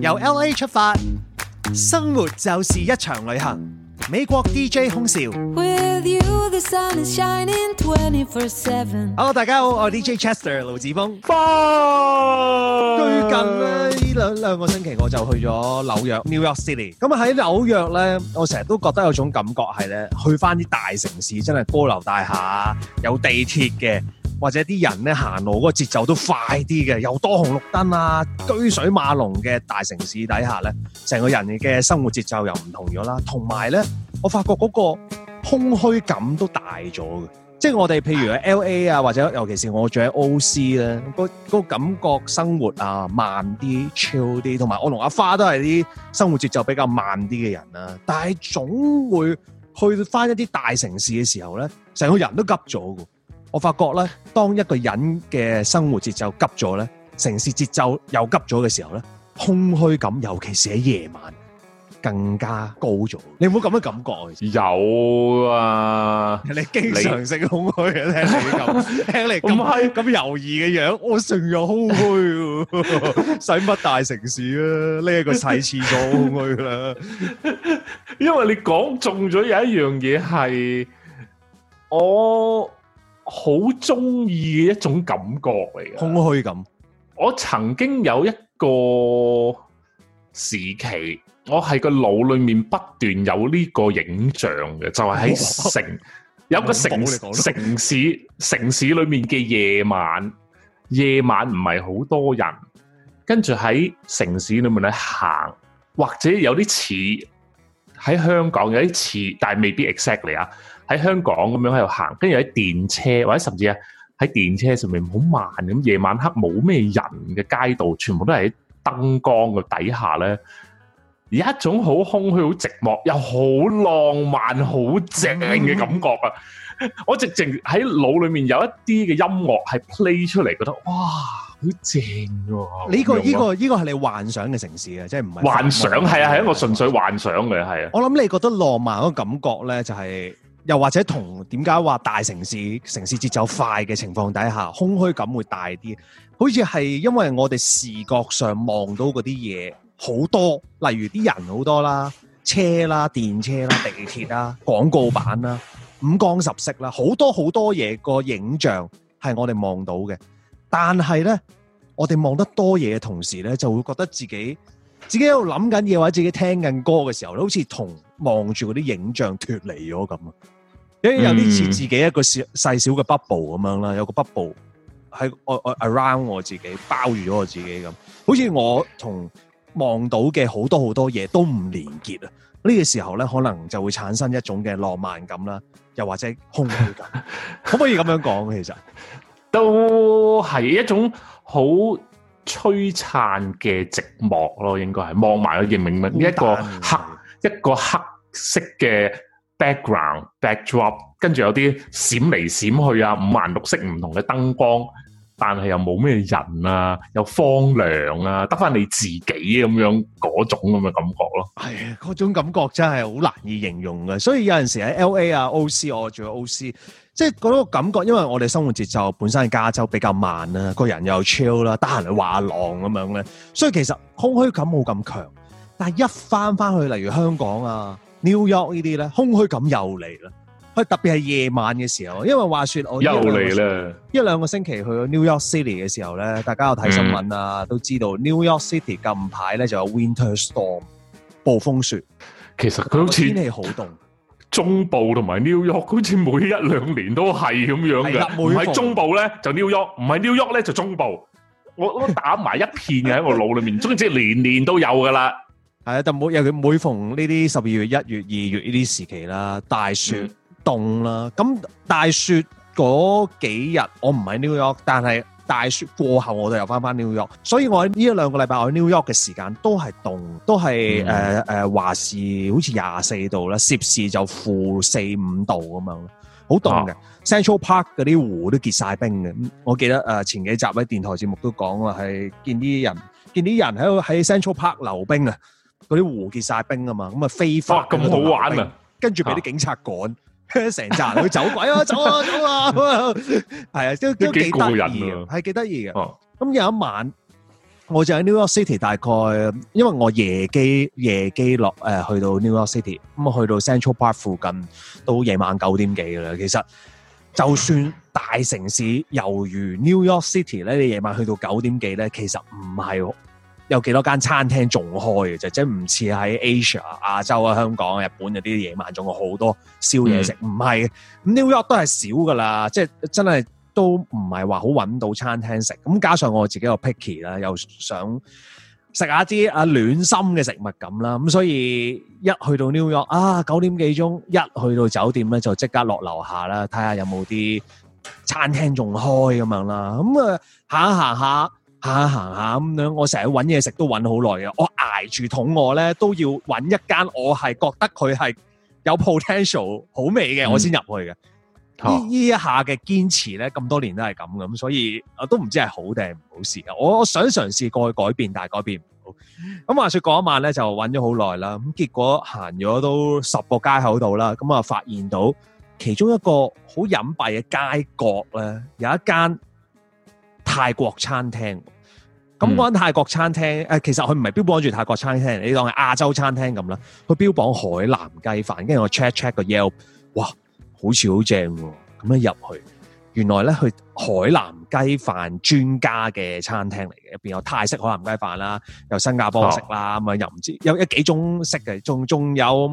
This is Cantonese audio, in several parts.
由 L A 出發，生活就是一場旅行。美國 D J 空少 you,，Hello 大家好，我係 D J Chester 盧子峰。Bye. 最近呢兩兩個星期我就去咗紐約 New York City。咁、嗯、喺紐約呢，我成日都覺得有種感覺係呢去翻啲大城市真係高樓大廈，有地鐵嘅。或者啲人咧行路嗰個節奏都快啲嘅，又多紅綠燈啊，車水馬龍嘅大城市底下咧，成個人嘅生活節奏又唔同咗啦。同埋咧，我發覺嗰個空虛感都大咗嘅。即係我哋譬如 L A 啊，或者尤其是我住喺 O C 咧，嗰個感覺生活啊慢啲、chill 啲，同埋我同阿花都係啲生活節奏比較慢啲嘅人啦。但係總會去返一啲大城市嘅時候咧，成個人都急咗嘅。我發覺咧，當一個人嘅生活節奏急咗咧，城市節奏又急咗嘅時候咧，空虛感，尤其是喺夜晚更加高咗。你有冇咁嘅感覺？有啊，你經常性空虛啊，聽你咁，聽你咁係咁猶豫嘅樣，我成日空虛，使乜大城市啊？呢個細廁所空虛啦，因為你講中咗有一樣嘢係我。好中意嘅一種感覺嚟嘅，空虛感。我曾經有一個時期，我係個腦裏面不斷有呢個影像嘅，就係、是、喺城，有個城城市城市，城市裏面嘅夜晚，夜晚唔係好多人，跟住喺城市裏面咧行，或者有啲似喺香港有啲似，但係未必 exact 嚟啊。喺香港咁樣喺度行，跟住喺電車或者甚至啊喺電車上面好慢咁，夜晚黑冇咩人嘅街道，全部都係喺燈光嘅底下咧，而一種好空虛、好寂寞又好浪漫、好正嘅感覺啊！我直情喺腦裏面有一啲嘅音樂係 play 出嚟，覺得哇好正㗎！呢個呢個呢個係你幻想嘅城市啊，即係唔係幻想係啊係一個純粹幻想嘅係啊！我諗你覺得浪漫嗰個感覺咧，就係。又或者同點解話大城市城市節奏快嘅情況底下，空虛感會大啲？好似係因為我哋視覺上望到嗰啲嘢好多，例如啲人好多啦、車啦、電車啦、地鐵啦、廣告板啦、五光十色啦，好多好多嘢個影像係我哋望到嘅。但係呢，我哋望得多嘢嘅同時呢，就會覺得自己。自己喺度諗緊嘢，或者自己聽緊歌嘅時候，好似同望住嗰啲影像脫離咗咁啊，因為有啲似自己一個小細小嘅 bubble 咁樣啦，有個 bubble 喺我我 around 我自己包住咗我自己咁，好似我同望到嘅好多好多嘢都唔連結啊！呢個時候咧，可能就會產生一種嘅浪漫感啦，又或者空虛感， 可唔可以咁樣講？其實都係一種好。璀璨嘅寂寞咯，應該係望埋嗰啲名物，一個黑一個黑色嘅 background backdrop，跟住有啲閃嚟閃去啊，五顏六色唔同嘅燈光。但係又冇咩人啊，又荒涼啊，得翻你自己咁樣嗰種咁嘅感覺咯。係啊，嗰種感覺真係好難以形容嘅。所以有陣時喺 L A 啊、O C 我住 O C，即係嗰個感覺，因為我哋生活節奏本身係加州比較慢啦，個人又 chill 啦，得閒去滑浪咁樣咧。所以其實空虛感冇咁強，但係一翻翻去例如香港啊、New York 呢啲咧，空虛感又嚟啦。佢特別係夜晚嘅時候，因為話説我又嚟喇，一兩個星期去 New York City 嘅時候咧，大家有睇新聞啊，都知道 New York City 近排咧就有 winter storm 暴風雪。其實佢好似天氣好凍，中部同埋 New York 好似每一兩年都係咁樣嘅。唔係中部咧就 New York，唔係 New York 咧就中部。我我打埋一片嘅喺個腦裏面，總之係年年都有噶啦。係啊，就每又佢每逢呢啲十二月、一月、二月呢啲時期啦，大雪。凍啦、啊，咁大雪嗰幾日我唔喺 New York，但係大雪過後我哋又翻翻 New York，所以我呢一兩個禮拜我喺 New York 嘅時間都係凍，都係誒誒華氏好似廿四度啦，攝氏就負四五度咁樣，好凍嘅。Central Park 嗰啲湖都結晒冰嘅，我記得誒前幾集喺電台節目都講話係見啲人，見啲人喺度喺 Central Park 溜冰，冰，流冰啊，嗰啲湖結晒冰啊嘛，咁啊非法咁好玩啊，跟住俾啲警察趕。啊成扎人走鬼咯，走啊走啊，係啊，都都幾得意啊，係幾得意嘅。咁有一晚，我就喺 New York City，大概因為我夜機夜機落誒，去到 New York City，咁啊去到 Central Park 附近，都夜晚九點幾嘅啦。其實就算大城市，猶如 New York City 咧，你夜晚去到九點幾咧，其實唔係。有幾多間餐廳仲開嘅啫，即係唔似喺 Asia、亞洲啊、香港啊、日本嗰啲夜晚仲有好多宵夜食，唔、嗯、係。New York 都係少噶啦，即係真係都唔係話好揾到餐廳食。咁加上我自己又 picky 啦，又想食下啲啊暖心嘅食物咁啦。咁所以一去到 New York 啊，九點幾鐘一去到酒店咧，就即刻落樓下啦，睇下有冇啲餐廳仲開咁樣啦。咁啊行下行下。看看有行行下咁樣，我成日揾嘢食都揾好耐嘅，我挨住肚餓咧，都要揾一間我係覺得佢係有 potential 好味嘅，嗯，我先入去嘅。呢、哦、呢一下嘅堅持咧，咁多年都係咁，咁所以我都唔知係好定係唔好事啊！我想嘗試過去改變，但係改變唔到。咁話說嗰晚咧就揾咗好耐啦，咁結果行咗都十個街口度啦，咁啊發現到其中一個好隱蔽嘅街角咧，有一間泰國餐廳。咁我喺泰國餐廳，誒其實佢唔係標榜住泰國餐廳，你當係亞洲餐廳咁啦。佢標榜海南雞飯，跟住我 check check 個 yelp，哇，好似好正喎！咁一入去，原來咧係海南雞飯專家嘅餐廳嚟嘅，入邊有泰式海南雞飯啦，又新加坡式啦，咁啊又唔知有一幾種式嘅，仲仲有。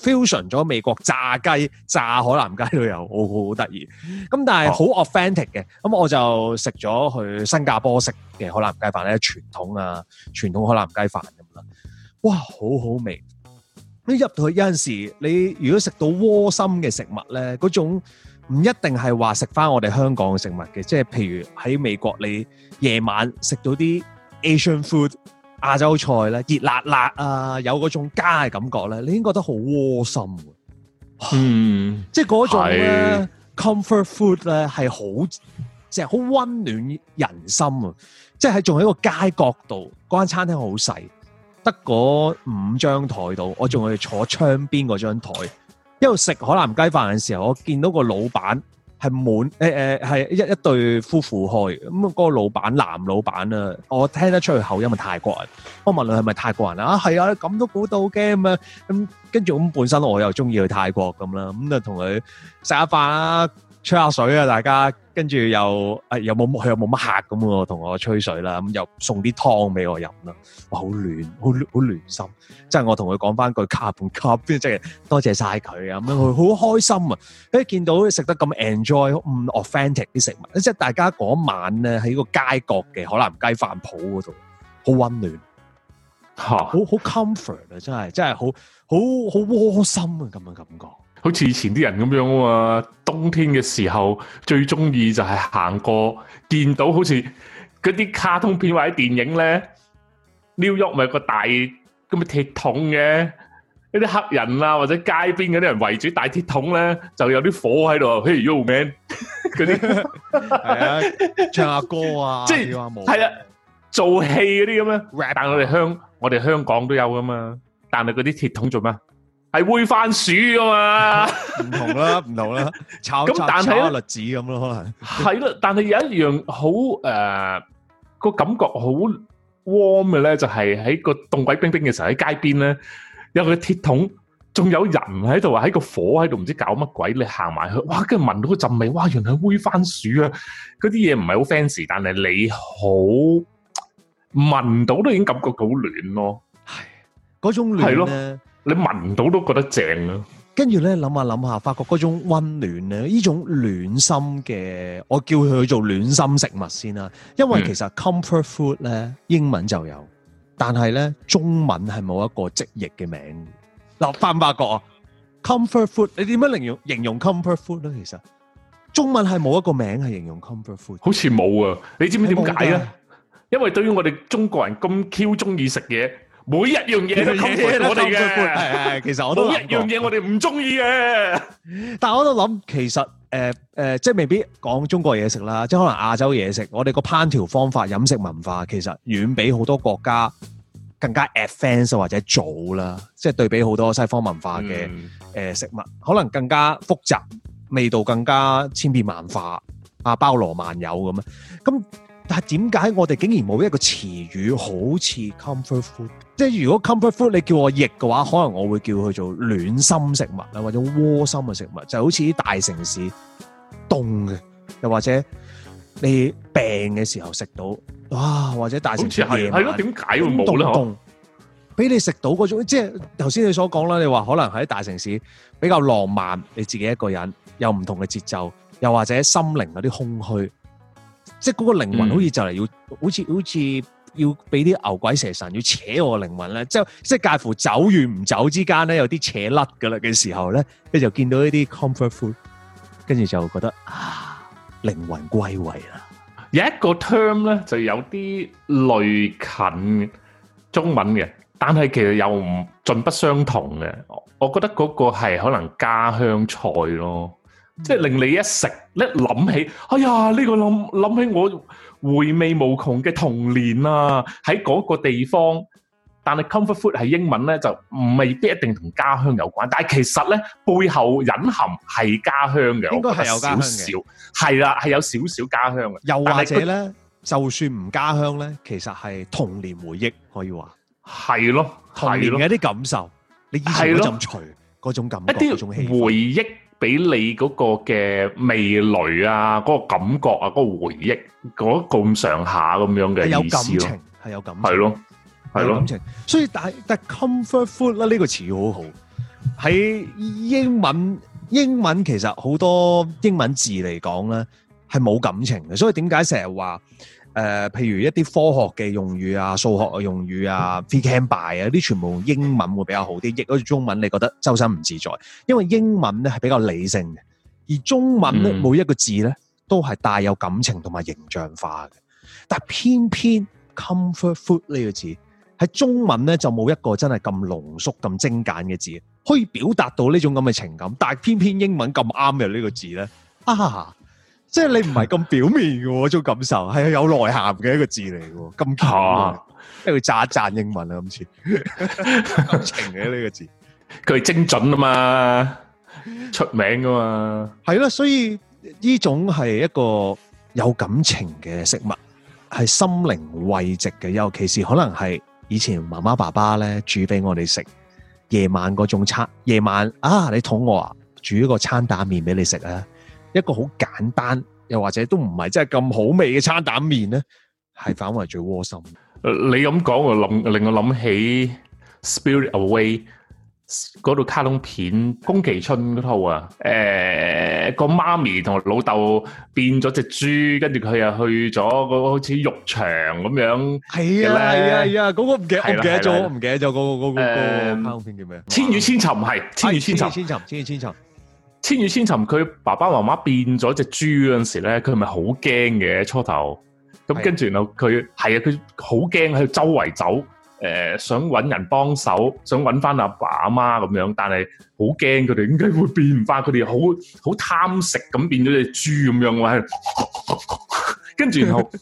fusion 咗美國炸雞、炸海南雞都有，好好得意。咁但係好 authentic 嘅，咁我就食咗去新加坡食嘅海南雞飯咧，傳統啊，傳統海南雞飯咁啦，哇，好好味！你入到去有陣時，你如果食到窩心嘅食物咧，嗰種唔一定係話食翻我哋香港嘅食物嘅，即係譬如喺美國你夜晚食到啲 Asian food。亞洲菜咧，熱辣辣啊，有嗰種家嘅感覺咧，你已經覺得好窩心。嗯，即係嗰種 comfort food 咧係好，即係好溫暖人心啊！即係喺仲喺個街角度，嗰間餐廳好細，得嗰五張台度，我仲去坐窗邊嗰張台，一路食海南雞飯嘅時候，我見到個老闆。係滿誒誒係一一對夫婦開，咁、嗰個老闆男老闆啦，我聽得出去口音係泰國人，我問佢係咪泰國人啊？係啊，咁都估到嘅。咁啊，咁跟住咁本身我又中意去泰國咁啦，咁就同佢食下飯啦吹下水啊！大家跟住又，誒、哎，又有冇佢有冇乜客咁喎？同我吹水啦，咁又送啲湯俾我飲啦。哇，好暖，好好暖心。即係我同佢講翻句卡半卡，即係多謝晒佢啊！咁佢好開心啊，一見到食得咁 enjoy、好 authentic 啲食物。即係大家嗰晚咧喺個街角嘅海南雞飯鋪嗰度，好溫暖，吓，好好 comfort 啊！真係，真係好好好窩心啊！咁嘅感覺。好似以前啲人咁樣啊嘛，冬天嘅時候最中意就係行過見到好似嗰啲卡通片或者電影咧，New York 咪個大咁嘅鐵桶嘅，嗰啲黑人啊或者街邊嗰啲人圍住大鐵桶咧就有啲火喺度，嘿、 hey, Yo Man 啲係 啊，唱下歌啊，即係係啊，做戲嗰啲咁樣，但係我哋香我哋香港都有噶嘛，但係嗰啲鐵桶做咩？係煨番薯啊嘛，唔同啦，唔同啦，炒炒炒栗子咁咯，可能係咯。但係有一樣好誒，個感覺好 warm 嘅咧，就係喺個凍鬼冰冰嘅時候喺街邊咧，有個鐵桶，仲有人喺度，喺個火喺度，唔知搞乜鬼。你行埋去，哇！跟住聞到個陣味，哇！原來係煨番薯啊！嗰啲嘢唔係好 fancy，但係你好聞到都已經感覺好暖咯。係嗰種暖咧。你聞唔到都覺得正啊，跟住咧諗下諗下，發覺嗰種溫暖咧，呢種暖心嘅，我叫佢去做暖心食物先啦。因為其實 comfort food 咧，英文就有，但係咧中文係冇一個直譯嘅名。嗱，發唔發覺啊，comfort food，你點樣形容形容 comfort food 咧？其實中文係冇一個名係形容 comfort food，好似冇啊。你知唔知點解咧？因為對於我哋中國人咁 Q 中意食嘢。每一樣嘢都冚住我哋嘅，係係，其實我都每一樣嘢我哋唔中意嘅。但係我都諗，其實誒誒，即係未必講中國嘢食啦，即係可能亞洲嘢食。我哋個烹調方法、飲食文化其實遠比好多國家更加 advanced 或者早啦。即係對比好多西方文化嘅、嗯呃、食物，可能更加複雜，味道更加千變萬化啊，包羅萬有咁啊。咁但係點解我哋竟然冇一個詞語好似 comfort food？即係如果 comfort food 你叫我譯嘅話，可能我會叫佢做暖心食物啦，或者窩心嘅食物，就好似啲大城市凍嘅，又或者你病嘅時候食到，哇！或者大城市夜晚係咯，點解會冇凍？俾你食到嗰種，即係頭先你所講啦，你話可能喺大城市比較浪漫，你自己一個人有唔同嘅節奏，又或者心靈有啲空虛，即係嗰個靈魂好似就嚟要，好似好似。要俾啲牛鬼蛇神要扯我靈魂咧，即係即係介乎走與唔走之間咧，有啲扯甩噶啦嘅時候咧，你就見到呢啲 comfort food，跟住就覺得啊，靈魂歸位啦。有一個 term 咧，就有啲類近中文嘅，但係其實又唔盡不相同嘅。我覺得嗰個係可能家鄉菜咯。即係令你一食一諗起，哎呀！呢個諗諗起我回味無窮嘅童年啊，喺嗰個地方。但係 Comfort Food 係英文咧，就唔未必一定同家鄉有關。但係其實咧，背後隱含係家鄉嘅，應該係有家鄉嘅，係啦，係有少少家鄉嘅。又或者咧，就算唔家鄉咧，其實係童年回憶可以話係咯，童年嘅一啲感受，你以前嗰陣除嗰種感覺，嗰種氣氛，回憶。俾你嗰個嘅味蕾啊，嗰個感覺啊，嗰個回憶，嗰咁上下咁樣嘅意思咯，係有感情，係有感情，係咯，係有感情。所以但係但 comfort food 咧呢個詞語好好，喺英文英文其實好多英文字嚟講咧係冇感情嘅，所以點解成日話？誒、呃，譬如一啲科學嘅用語啊、數學嘅用語啊、fee a n buy 啊，啲全部用英文會比較好啲，亦好似中文，你覺得周身唔自在，因為英文咧係比較理性嘅，而中文咧每一個字咧都係帶有感情同埋形象化嘅。但偏偏 comfort food 呢個字喺中文咧就冇一個真係咁濃縮、咁精簡嘅字，可以表達到呢種咁嘅情感。但偏偏英文咁啱嘅呢個字咧啊！即係你唔係咁表面嘅，啊，種感受係有內涵嘅一個字嚟喎。咁即因佢炸一讚英文啊，咁似 感情嘅呢，這個字，佢精準啊嘛，出名噶嘛，係咯，所以呢種係一個有感情嘅食物，係心靈慰藉嘅，尤其是可能係以前媽媽爸爸咧煮俾我哋食，夜晚嗰種餐，夜晚啊，你肚餓啊，煮一個餐蛋麵俾你食啊。一個好簡單，又或者都唔係真係咁好味嘅餐蛋麵咧，係反為最窩心。你咁講，我諗令我諗起《Spirit Away》嗰套卡通片，宮崎駿嗰套、欸、媽媽爸爸是啊。誒，個媽咪同老豆變咗隻豬，跟住佢又去咗個好似浴場咁樣。係啊係啊係啊！嗰、啊那個唔記得、啊，我唔記得咗，唔、啊啊、記得咗嗰個個卡通片叫咩？《千與千尋》係、哎《千與千尋》《千與千尋》千尋。千與千尋。千與千尋佢爸爸媽媽變咗隻豬嗰陣時咧，佢係咪好驚嘅？初頭，咁跟住然後佢係啊，佢好驚喺周圍走，誒、呃、想搵人幫手，想搵翻阿爸阿媽咁樣，但係好驚佢哋點解會變化？佢哋好好貪食咁變咗隻豬咁樣嘅，跟住，就係， 然後。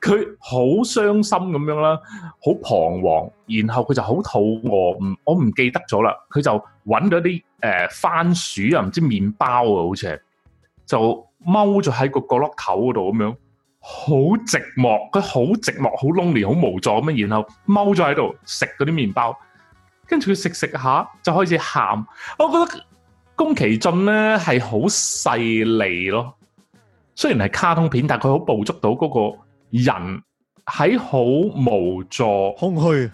佢好傷心咁樣啦，好彷徨，然後佢就好肚餓，唔我唔記得咗啦。佢就揾咗啲誒番薯啊，唔知麵包啊，好似係就踎咗喺個角落頭嗰度咁樣，好寂寞，佢好寂寞，好 lonely，好無助咁樣，然後踎咗喺度食嗰啲麵包，跟住佢食食下就開始喊。我覺得宮崎駿咧係好細膩咯，雖然係卡通片，但佢好捕捉到嗰個。人喺好無助、空虛、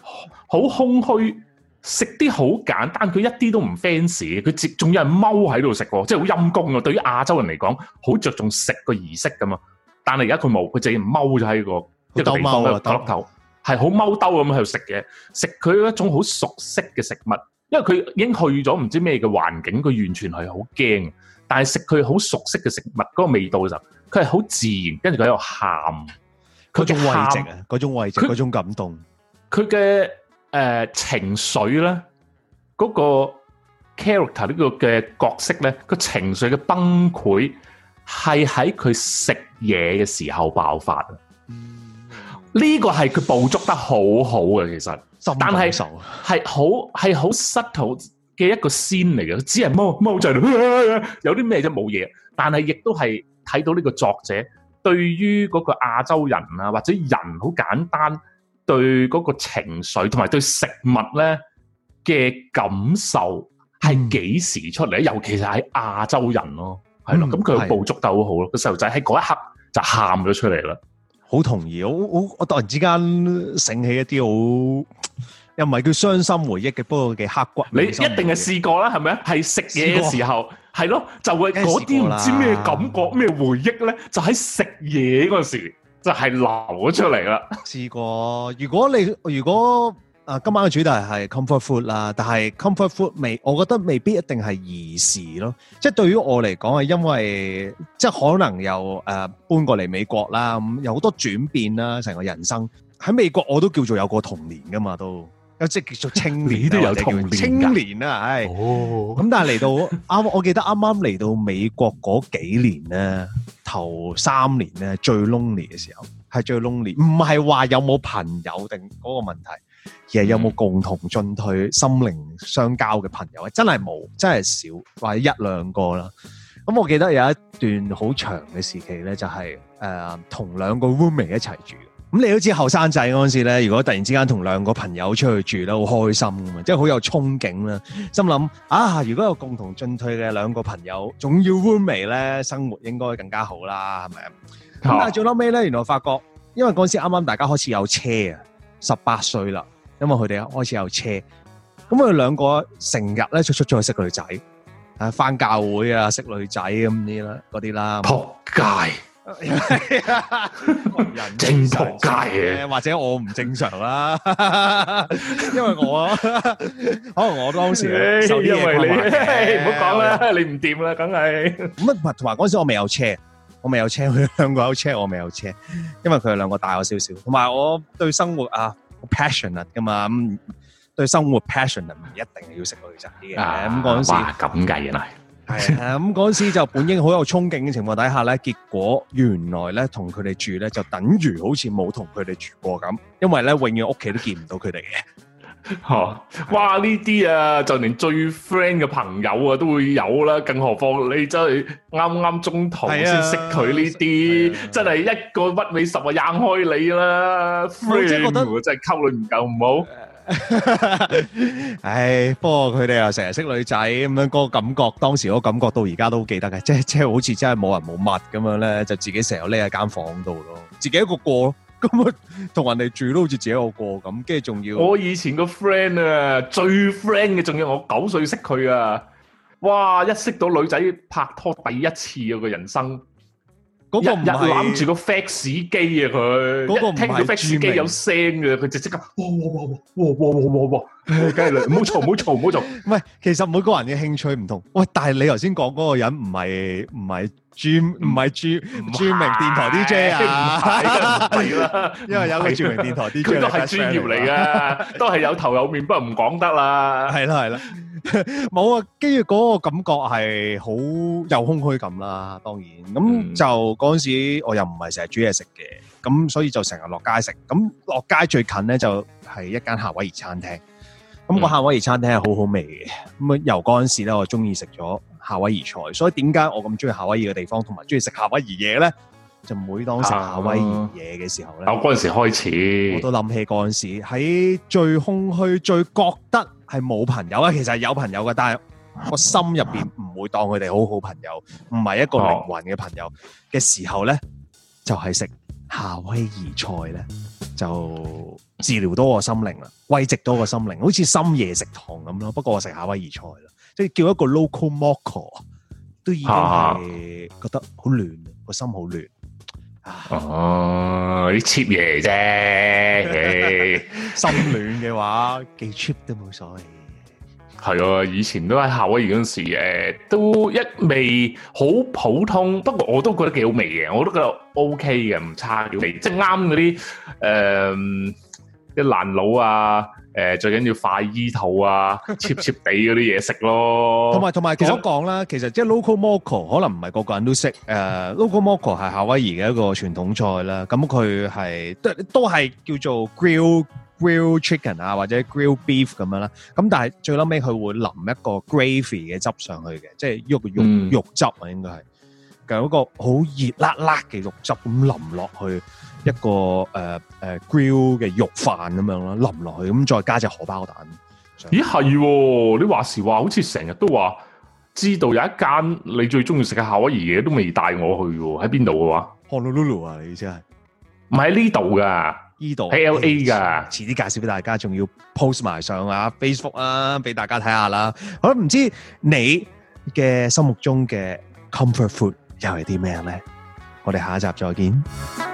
好空虛，食啲好簡單。佢一啲都唔 fancy，佢仲有人踎喺度食喎，即係好陰功啊！對於亞洲人嚟講，好著重食個儀式㗎嘛。但係而家佢冇，佢就係踎咗喺個一個地頭，係好踎兜咁喺度食嘢。食佢一種好熟悉嘅食物，因為佢已經去咗唔知咩嘅環境，佢完全係好驚。但係食佢好熟悉嘅食物嗰個味道嘅時候，佢係好自然，跟住佢喺度喊。嗰種慰藉啊，嗰種慰藉，嗰種感動。佢嘅誒情緒咧，嗰、嗰個 character 呢個嘅角色咧，個情緒嘅崩潰係喺佢食嘢嘅時候爆發啊。呢個係佢捕捉得好好嘅，其實。心難受。係好係好 subtle 嘅一個 scene 嚟嘅，只係踎踎喺度，有啲咩啫，冇嘢。但係亦都係睇到呢個作者。對於嗰個亞洲人啊，或者人好簡單，對嗰個情緒同埋對食物咧嘅感受，係幾時出嚟咧？尤其是喺亞洲人咯，係咯，咁佢有捕捉得好好咯。個細路仔喺嗰一刻就喊咗出嚟啦，好同意，我，我，我突然之間醒起一啲好。又唔係叫傷心回憶嘅，不過嘅刻骨。你一定係試過啦，係咪？係食嘢嘅時候，係咯，就會嗰啲唔知咩感覺、咩回憶咧，就喺食嘢嗰時候就係、是、流咗出嚟啦。試過，如果你如果、啊、今晚嘅主題係 Comfort Food 啦，但係 Comfort Food 未，我覺得未必一定係兒時咯。即係對於我嚟講啊，因為即係可能又誒、呃、搬過嚟美國啦，咁有好多轉變啦，成個人生喺美國我都叫做有個童年噶嘛，都。有即係叫做青年，都有童年。青年啊，係、哦，咁但係嚟到啱， 我記得啱啱嚟到美國嗰幾年咧，頭三年咧最 lonely 嘅時候，係最 lonely，唔係話有冇朋友定嗰個問題，而係有冇共同進退、心靈相交嘅朋友，真係冇，真係少，或者一兩個啦。咁我記得有一段好長嘅時期咧，就係誒同兩個 roommate 一齊住。咁你都知後生仔嗰陣時咧，如果突然之間同兩個朋友出去住咧，好開心噶嘛，即係好有憧憬啦。心諗啊，如果有共同進退嘅兩個朋友，仲要 roommate 咧，生活應該更加好啦，係咪啊？咁但係做落尾咧，原來發覺，因為嗰陣時啱啱大家開始有車啊，十八歲啦，因為佢哋開始有車，咁佢哋兩個成日咧出出出去識女仔，啊，返教會啊，識女仔咁啲啦，嗰啲啦，撲街。係啊，正常嘅，或者我唔正常啦，因為我，好，我當時受啲壓力，唔好講啦，你唔掂啦，梗係。咁啊，同埋嗰時我未有車，我未有車，佢兩個有車，我未有車，因為佢哋兩個大我少少，同埋我對生活啊，passionate 啊，噶嘛，對生活 passionate 唔一定係要食嗰啲嘢嘅。咁嗰時哇，咁噶原來。係啊，咁嗰時就本應好有憧憬嘅情況底下咧，結果原來咧同佢哋住咧就等於好似冇同佢哋住過咁，因為咧永遠屋企都見唔到佢哋嘅。吓，哇呢啲啊，就連最 friend 嘅朋友啊都會有啦，更何況你真係啱啱中途先識佢呢啲，真係一個屈尾十啊，扔開你啦！friend 覺得真係溝女唔夠冇。 唉，不過佢哋又成日識女仔咁樣，嗰、嗰個感覺當時個感覺到而家都記得嘅，即係即係好似真係冇人冇物咁樣咧，就自己成日匿喺間房度咯，自己一個過咯，咁啊同人哋住都好似自己一個過咁，跟住仲要我以前個 friend 啊，最 friend 嘅，仲要我九歲識佢啊，哇！一識到女仔拍拖第一次啊，個人生。嗰、那個日攬住個 fax 機啊！佢、那個、聽到 fax 機，機有聲嘅，佢就即刻哇哇哇哇哇哇哇哇哇！雞、哎、女，唔好嘈，唔好嘈，唔好嘈。唔係，其實每個人嘅興趣唔同。喂，但係你頭先講嗰個人唔係唔係專唔係專著名電台 DJ 啊？唔係啦， 因為有個著名電台 DJ、啊、都係專業嚟嘅， 都係有頭有面，不過唔講得啦。係 啦，係啦。冇 啊，跟住嗰個感覺係好有空虛感啦，當然咁就嗰陣、嗯、時我又唔係成日煮嘢食嘅，咁所以就成日落街食，咁落街最近咧就係一間夏威夷餐廳，咁個夏威夷餐廳係好好味嘅，咁、嗯、啊由嗰陣時咧我中意食咗夏威夷菜，所以點解我咁中意夏威夷嘅地方，同埋中意食夏威夷嘢咧？就每當夏威夷嘢嘅時候咧，我嗰陣時開始，我都諗起嗰陣時喺最空虛、最覺得係冇朋友啊，其實係有朋友嘅，但係我心入面唔會當佢哋好好朋友，唔係一個靈魂嘅朋友嘅時候咧、啊，就係、是、食夏威夷菜咧，就治療到我心靈啦，慰藉到個心靈，好似深夜食堂咁咯。不過我食夏威夷菜，即係叫一個 loco moco 都已經係覺得好亂，個心好亂。哦，啲 cheap 嘢啫，心暖嘅話幾 cheap 都冇所謂。係啊，以前都喺夏威夷嗰陣時，誒，都一味好普通，不過我都覺得幾好味嘅，我都覺得 OK 嘅，唔差嘅味，即係啱嗰啲誒啲爛佬啊。誒，最緊要快醫肚啊，切切地嗰啲嘢食咯。同埋同埋，其實講啦，其實即係 loco moco，可能唔係個個人都識。誒，loco moco 係夏威夷嘅一個傳統菜啦。咁佢係都都係叫做 grill grill chicken 啊，或者 grill beef 咁樣啦。咁但係最撚尾佢會淋一個 gravy 嘅汁上去嘅，即係肉肉肉汁啊，應該係，有一個好熱辣辣嘅肉汁咁淋落去。一個誒誒、uh, uh, grill 嘅肉飯咁樣咯，淋落去，咁再加隻荷包蛋。咦係、哦？你話時話好似成日都話知道有一間你最中意食嘅夏威夷嘢，都未帶我去喎。喺邊度嘅話？Honolulu 啊，你真係唔係喺呢度噶，呢度 LA 噶，遲啲介紹俾大家，仲要 post 埋上啊 Facebook 啊，俾大家睇下啦。我都，唔知你嘅心目中嘅 comfort food 又係啲咩咧？我哋下一集再見